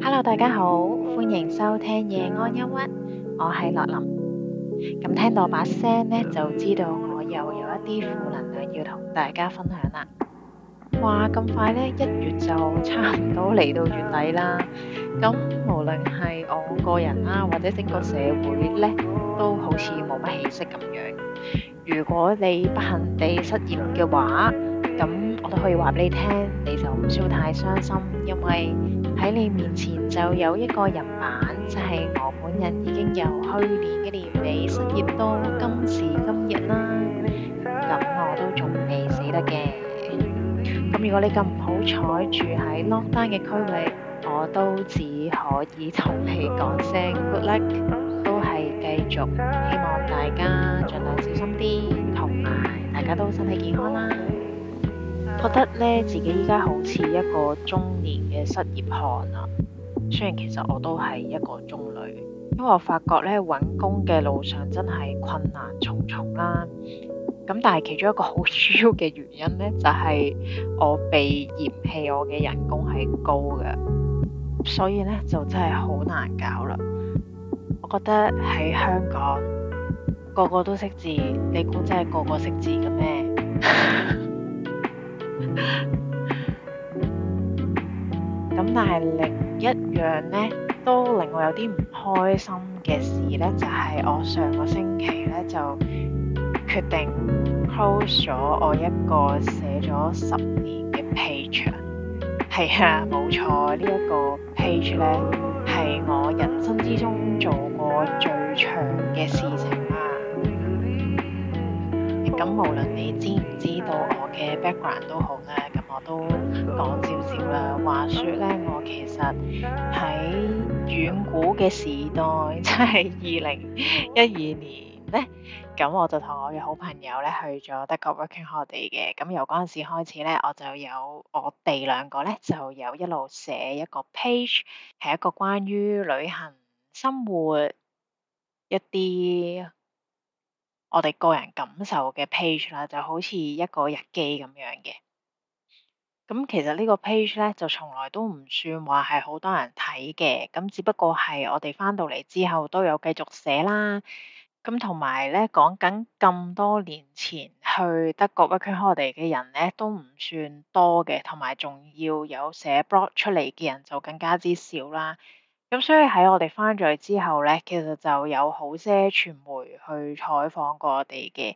Hello，大家好，歡迎收聽夜安音樂，我係樂林。咁聽到把聲呢，就知道我又有一啲負能量要同大家分享啦。話咁快咧，一月就差唔多嚟到月底啦。咁無論係我個人啦，或者整個社會咧，都好似冇乜起色咁樣。如果你不幸地失業嘅話，咁我都可以話俾你聽，你就唔需要太傷心，因為喺你面前就有一個人版，就係我本人，已經由去年嘅年尾失業到今時今日啦。咁我都仲未死得嘅。咁如果你咁好彩住喺 lockdown 嘅區域，我都只可以同你講聲 good luck，都係繼續，希望大家儘量小心啲，同埋大家都身體健康啦。 覺得呢，自己依家好似一個中年嘅失業漢啊，雖然其實我都係一個中女，因為我發覺呢，揾工嘅路上真係困難重重啦。咁但係其中一個好主要嘅原因呢，就係我被嫌棄，我嘅人工係高嘅，所以呢，就真係好難搞啦。我覺得喺香港個個都識字，你估真係個個識字嘅咩？咁 但係另一樣呢，都令我有啲唔開心嘅事呢，就係我上個星期呢，就，決定 close 咗我一個寫咗十年嘅 page。係啊，冇錯，呢一個 page 呢，係我人生之中做過最長嘅事情啦。咁無論你知唔知道我嘅 background 都好咧，咁我都講少少啦。話説呢，我其實喺遠古嘅時代，即係二零一二年，咧，咁我就同我嘅好朋友咧去咗德國 Working Holiday 嘅，咁由嗰陣時開始咧，我就有我哋兩個咧，就有一路寫一個 page，係一個關於旅行、生活一啲我哋個人感受嘅 page 啦，就好似一個日記咁樣嘅。咁其實呢個 page 咧，就從來都唔算話係好多人睇嘅，咁只不過係我哋翻到嚟之後都有繼續寫啦。咁同埋咧，講緊咁多年前去德國 working holiday 嘅人咧，都唔算多嘅，同埋仲要有寫 blog 出嚟嘅人就更加之少啦。咁所以喺我哋翻咗去之後咧，其實就有好些傳媒去採訪過我哋嘅，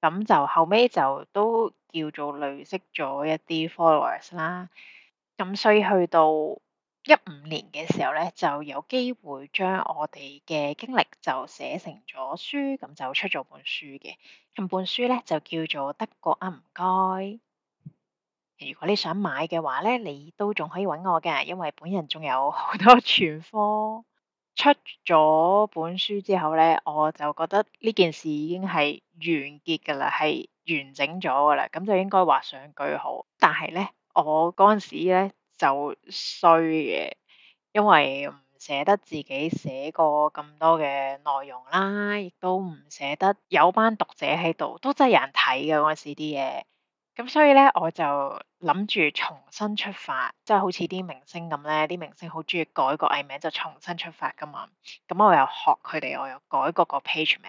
咁就後尾就都叫做累積咗一啲 followers 啦。咁所以去到，一五年嘅時候咧，就有機會將我哋嘅經歷就寫成咗書，咁就出咗本書嘅。咁本書咧就叫做《德國啊唔該》。如果你想買嘅話咧，你都仲可以揾我嘅，因為本人仲有好多傳科。出咗本書之後咧，我就覺得呢件事已經係完結㗎啦，係完整咗㗎啦，咁就應該畫上句號。但係咧，我嗰陣時咧。就衰嘅，因為唔捨得自己寫過咁多嘅內容啦，亦都唔捨得有班讀者喺度，都真係有人睇嘅嗰陣時啲嘢。咁所以咧，我就諗住重新出發，即係好似啲明星咁咧，啲明星好中意改個藝名就重新出發噶嘛。咁我又學佢哋，我又改過個個 page 名，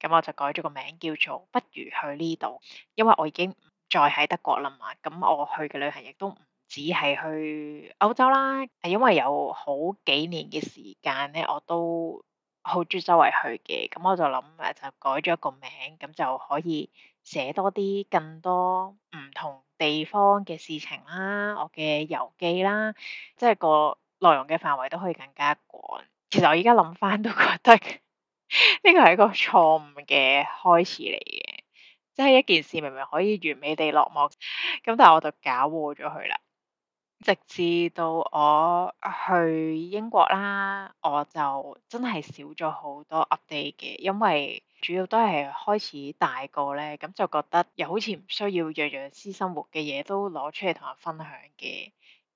咁我就改咗個名叫做不如去呢度，因為我已經唔再喺德國啦嘛，咁我去嘅旅行亦都。唔。只係去歐洲啦，係因為有好幾年嘅時間咧，我都好中意周圍去嘅，咁我就諗啊，就改咗個名，咁就可以寫多啲更多唔同地方嘅事情啦，我嘅遊記啦，即係個內容嘅範圍都可以更加廣。其實我而家諗返都覺得呢個係一個錯誤嘅開始嚟嘅，即係一件事明明可以完美地落幕，咁但係我就搞瘀咗佢啦。直至到我去英國啦，我就真係少咗好多 update 嘅，因為主要都係開始大個咧，咁就覺得又好似唔需要樣樣私生活嘅嘢都攞出嚟同人分享嘅。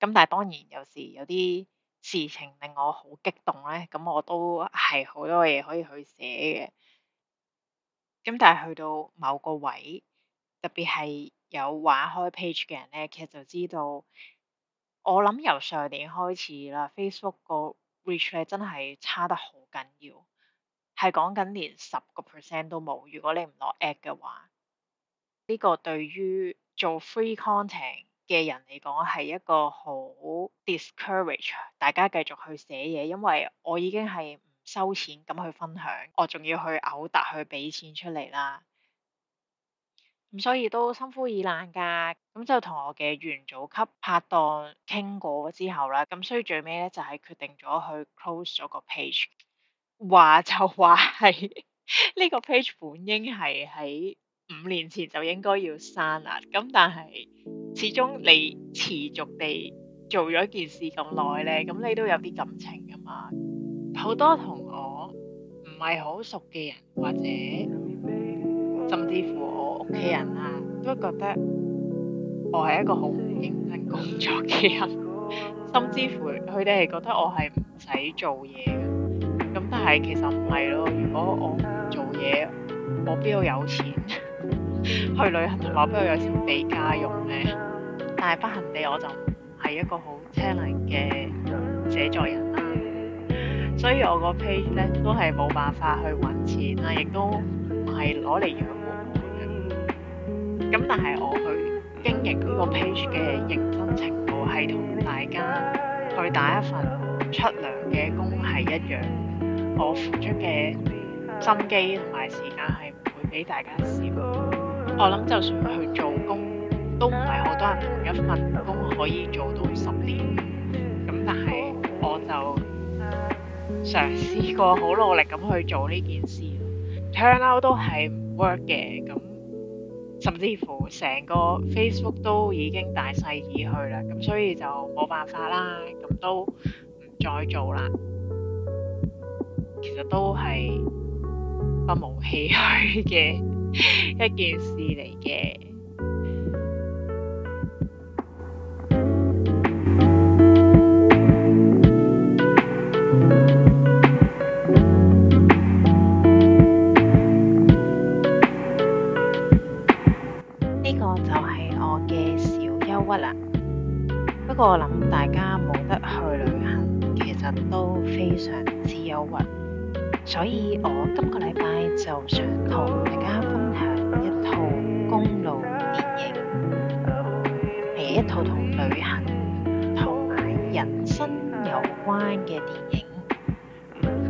咁但係當然有時有啲事情令我好激動咧，咁我都係好多嘢可以去寫嘅。咁但係去到某個位，特別係有玩開 page 嘅人咧，其實就知道。我諗由上年開始啦，Facebook 個 reach 咧真係差得好緊要，係講緊連十個 percent 都冇。如果你唔落 app 嘅話，呢個對於做 free content 嘅人嚟講係一個好 discourage 大家繼續去寫嘢，因為我已經係唔收錢咁去分享，我仲要去嘔突去俾錢出嚟啦。咁所以都心灰意冷噶，咁就同我嘅元祖級拍檔傾過之後啦，咁所以最尾咧就係、是、決定咗去 close 咗個 page，話就話係呢個 page 本應係喺五年前就應該要刪啦，咁但係始終你持續地做咗件事咁耐咧，咁你都有啲感情噶嘛，好多同我唔係好熟嘅人或者。甚至乎我屋企人啊，都覺得我係一個好唔認真工作嘅人，甚至乎佢哋係覺得我係唔使做嘢嘅。咁但係其實唔係咯，如果我唔做嘢，我邊度有錢去旅行同埋我邊度有錢俾家用嘅？但係不幸地，我就唔係一個好青雲嘅寫作人，所以我個 page 咧都係冇辦法去揾錢啦，亦都唔係攞嚟養。咁但係我去經營呢個 page 嘅認真程度係同大家去打一份出糧嘅工係一樣，我付出嘅心機同埋時間係唔會比大家少。我諗就算去做工，都唔係好多人同一份工可以做到十年。咁但係我就嘗試過好努力咁去做呢件事，turn out 都係唔 work 嘅咁。甚至乎成個 Facebook 都已經大勢已去啦，咁所以就冇辦法啦，咁都唔再做啦。其實都係不無唏噓嘅一件事嚟嘅。不過諗大家冇得去旅行，其實都非常之憂鬱，所以我今個禮拜就想同大家分享一套公路電影，係一套同旅行同埋人生有關嘅電影。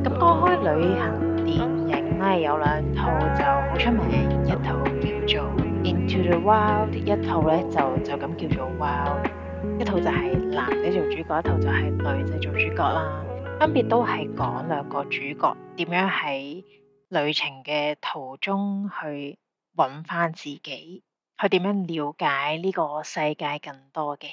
咁講開旅行電影呢，有兩套就好出名，一套叫做《Into the Wild》，一套呢就就咁叫做《Wild》。一套就係男仔做主角，一套就係女仔做主角啦。分別都係講兩個主角點樣喺旅程嘅途中去揾翻自己，去點樣了解呢個世界更多嘅。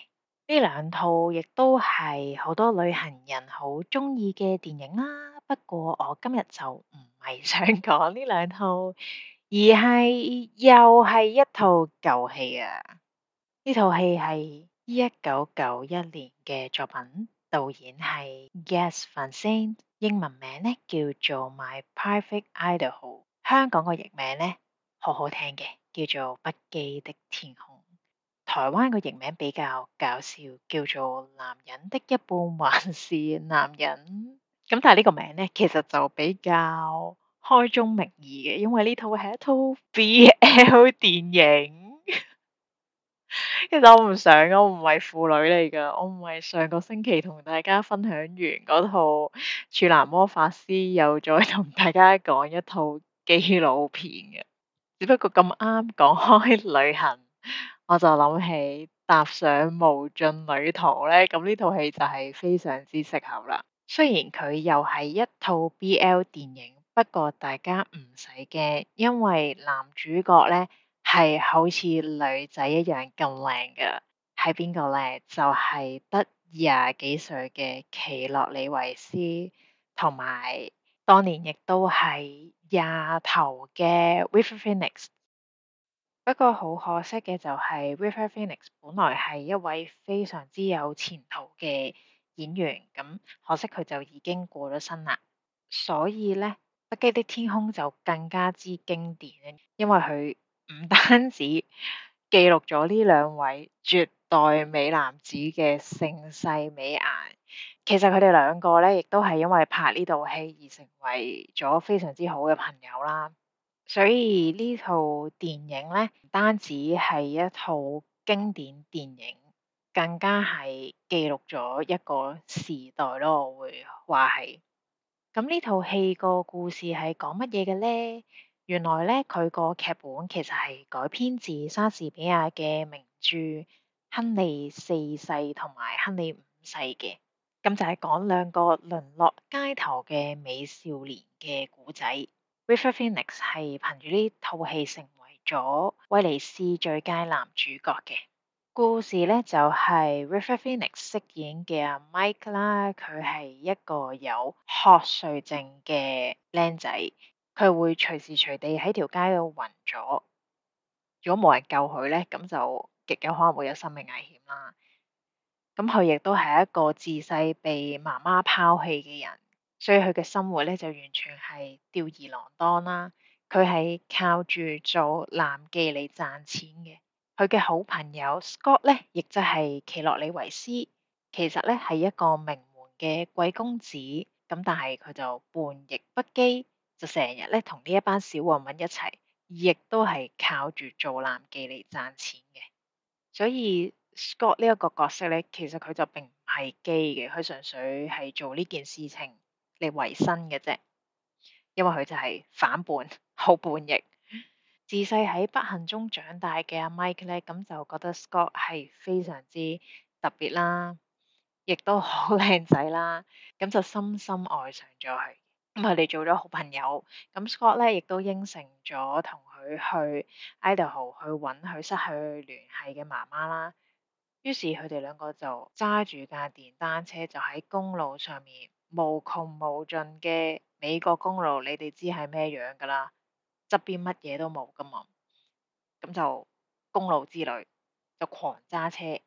呢兩套亦都係好多旅行人好中意嘅電影啦。不過我今日就唔係想講呢兩套，而係又係一套舊戲啊。呢套戲係。一九九一年嘅作品，導演係 Gus Van Sant，英文名咧叫做 My Own Private Idaho，香港個譯名咧好好聽嘅，叫做不羈的天空。台灣個譯名比較搞笑，叫做男人的一半還是男人。咁但係呢個名咧，其實就比較開宗明義嘅，因為呢套係一套 BL 電影。其實我唔想，我唔係婦女嚟噶，我唔係上個星期同大家分享完嗰套《處男魔法師》，又再同大家講一套紀錄片嘅。只不過咁啱講開旅行，我就諗起踏上無盡旅途咧，咁呢套戲就係非常之適合啦。雖然佢又係一套 BL 電影，不過大家唔使驚，因為男主角咧。係好似女仔一樣咁靚嘅，係邊個咧？就係得廿幾歲嘅奇洛李維斯，同埋當年亦都係廿頭嘅 River Phoenix。不過好可惜嘅就係 River Phoenix，本來係一位非常之有前途嘅演員，咁可惜佢就已經過咗身啦。所以咧，北京的天空就更加之經典，因為佢，唔單止記錄咗呢兩位絕代美男子嘅盛世美顏，其實佢哋兩個咧亦都係因為拍呢套戲而成為咗非常之好嘅朋友啦。所以呢套電影咧，唔單止係一套經典電影，更加係記錄咗一個時代咯。我會話係。咁呢套戲個故事係講乜嘢嘅咧？原來咧，佢個劇本其實係改編自莎士比亞嘅名著《亨利四世》同埋《亨利五世》嘅，咁就係講兩個淪落街頭嘅美少年嘅古仔。River Phoenix 係憑住呢套戲成為咗威尼斯最佳男主角嘅。故事咧就係、是、River Phoenix 飾演嘅阿 Mike 啦，佢係一個有渴睡症嘅靚仔。佢會隨時隨地喺條街度暈咗，如果冇人救佢咧，咁就極有可能會有生命危險啦。咁佢亦都係一個自細被媽媽拋棄嘅人，所以佢嘅生活咧就完全係吊兒郎當啦。佢係靠住做男妓嚟賺錢嘅。佢嘅好朋友 Scott 咧，亦即係奇洛李維斯，其實咧係一個名門嘅貴公子，咁但係佢就叛逆不羈。就成日咧同呢一班小混混一齊，亦都係靠住做男妓嚟賺錢嘅。所以 Scott 呢一個角色咧，其實佢就並唔係 gay 嘅，佢純粹係做呢件事情嚟維生嘅啫。因為佢就係反叛、好叛逆，自細喺不幸中長大嘅阿 Mike 咧，咁就覺得 Scott 係非常之特別啦，亦都好靚仔啦，咁就深深愛上咗佢。咁佢哋做咗好朋友，咁 Scott 咧亦都應承咗同佢去 Idaho 去揾佢失去聯繫嘅媽媽啦。於是佢哋兩個就揸住架電單車，就喺公路上面無窮無盡嘅美國公路，你哋知係咩樣噶啦？側邊乜嘢都冇噶嘛，咁就公路之旅就狂揸車，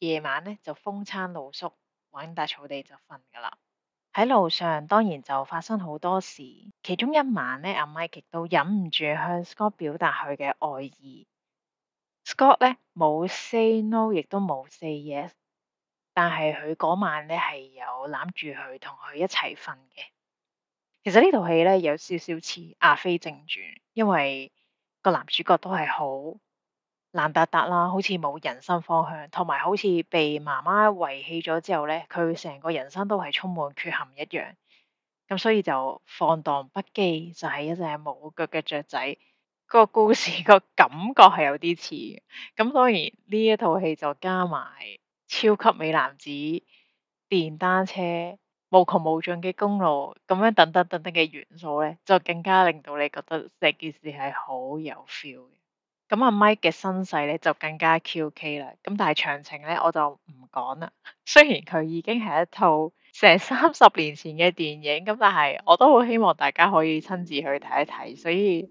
夜晚咧就風餐露宿，揾大草地就瞓噶啦。喺路上當然就發生好多事，其中一晚咧，阿 Mike 極度忍唔住向 Scott 表達佢嘅愛意，Scott 咧冇 say no，亦都冇 say yes，但係佢嗰晚咧係有攬住佢同佢一齊瞓嘅。其實呢套戲咧有少少似《阿飛正傳》，因為個男主角都係好。爛達達啦，好似冇人生方向，同埋好似被媽媽遺棄咗之後咧，佢成個人生都係充滿缺陷一樣。咁所以就放蕩不羈，就係、是、一隻冇腳嘅雀仔。個故事個感覺係有啲似，咁當然呢一套戲就加埋超級美男子、電單車、無窮無盡嘅公路咁樣等等等等嘅元素咧，就更加令到你覺得成件事係好有 feel 嘅。咁阿 Mike 嘅身世咧就更加 QK 啦，咁但係詳情咧我就唔講啦。雖然佢已經係一套成三十年前嘅電影，咁但係我都好希望大家可以親自去睇一睇，所以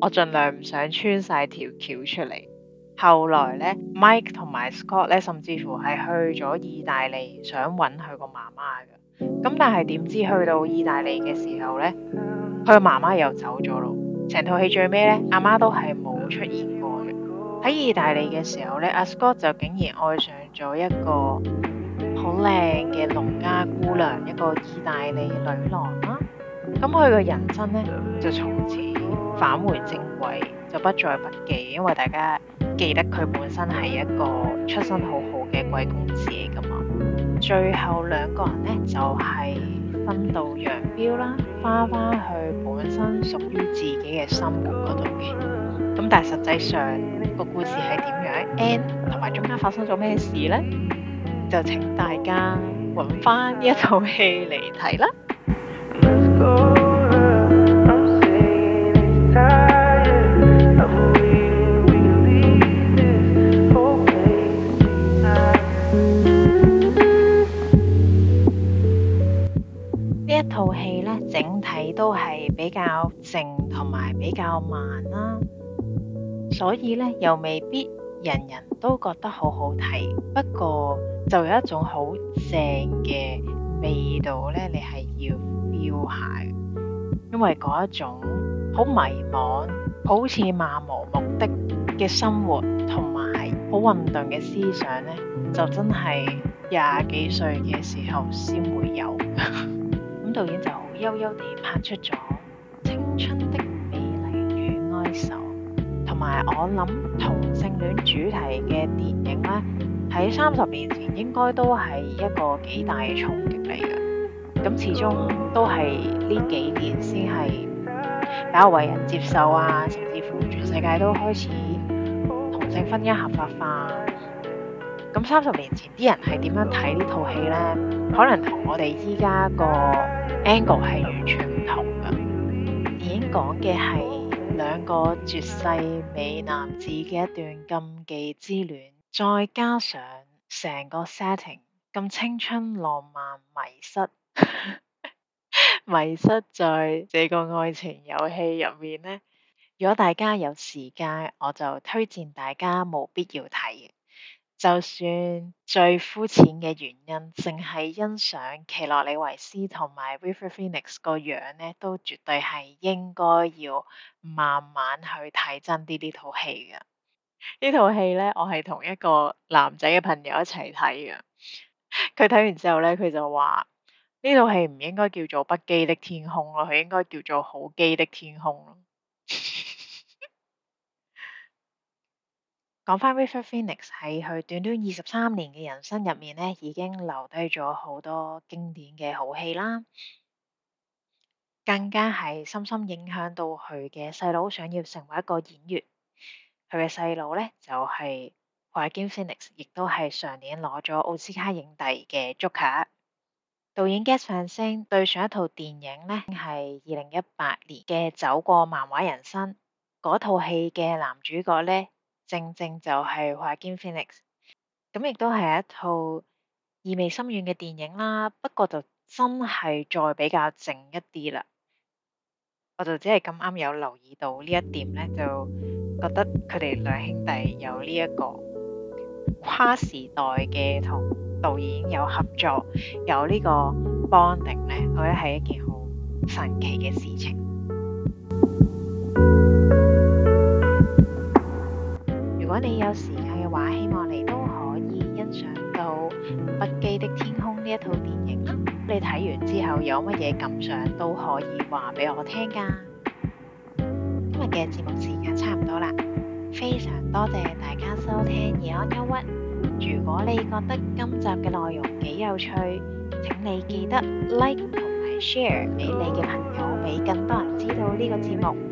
我盡量唔想穿晒條橋出嚟。後來咧，Mike 同埋 Scott 咧，甚至乎係去咗意大利想搵佢個媽媽嘅。咁但係點知去到意大利嘅時候咧，佢個媽媽又走咗咯。成套戲最尾咧，阿媽都係冇出現。喺意大利嘅時候呢，阿 Scott 就竟然愛上咗一個好靚嘅農家姑娘，一個意大利女郎啦。咁佢嘅人生呢，就從此返回正軌，就不再不羈，因為大家記得佢本身係一個出身好好嘅貴公子嚟㗎嘛。最後兩個人呢，就係、是。分道揚鑣啦，花花去本身屬於自己嘅心咁嗰度嘅，咁但係實際上個故事係點樣 end，同埋中間發生咗咩事呢？就請大家揾翻呢一套戲嚟睇啦。呢一套戲呢，整體都係比較靜同埋比較慢啦，所以呢又未必人人都覺得好好睇。不過就有一種好正嘅味道呢，你係要 feel 下，因為嗰一種好迷茫、好似漫無目的嘅生活，同埋好混沌嘅思想呢，就真係廿幾歲嘅時候先會有。導演就悠悠地拍出咗青春的美麗與哀愁，同埋我諗同性戀主題嘅電影咧，喺三十年前應該都係一個幾大嘅衝擊嚟嘅。咁始終都係呢幾年先係比較為人接受啊，甚至乎全世界都開始同性婚姻合法化。咁三十年前啲人係點樣睇呢套戲呢？可能同我哋依家個 angle 係完全唔同嘅。已經講嘅係兩個絕世美男子嘅一段禁忌之戀，再加上成個 setting 咁青春浪漫、迷失、 迷失在這個愛情遊戲入面呢。如果大家有時間，我就推薦大家冇必要睇。就算最膚淺嘅原因，淨係欣賞奇洛李維斯同埋 River Phoenix 個樣咧，都絕對係應該要慢慢去睇真啲呢套戲嘅。呢套戲咧，我係同一個男仔嘅朋友一齊睇嘅。佢睇完之後咧，佢就話：呢套戲唔應該叫做不羈的天空咯，佢應該叫做好羈的天空咯。講返 River Phoenix 喺佢短短二十三年嘅人生入面呢，已經留低咗好多經典嘅好戲啦。更加係深深影響到佢嘅細佬想要成為一個演員。佢嘅細佬呢，就係 Joaquin Phoenix，亦都係上年攞咗奧斯卡影帝嘅 Joker。導演 Gus Van Sant 對上一套電影呢，係二零一八年嘅《走過漫畫人生》。嗰套戲嘅男主角呢，正正就係、是、話《華堅 Phoenix》，咁亦都係一套意味深遠嘅電影啦。不過就真係再比較靜一啲啦。我就只係咁啱有留意到呢一點咧，就覺得佢哋兩兄弟有呢一個跨時代嘅同導演有合作，有呢個 bonding 咧，我覺得係一件好神奇嘅事情。你有時間嘅話，希望你都可以欣賞到《不羈的天空》呢一套電影。你睇完之後有乜嘢感想都可以話俾我聽㗎。今日嘅節目時間差唔多啦，非常多謝大家收聽《夜安憂鬱》。如果你覺得今集嘅內容幾有趣，請你記得 Like 同埋 Share 俾你嘅朋友，俾更多人知道呢個節目。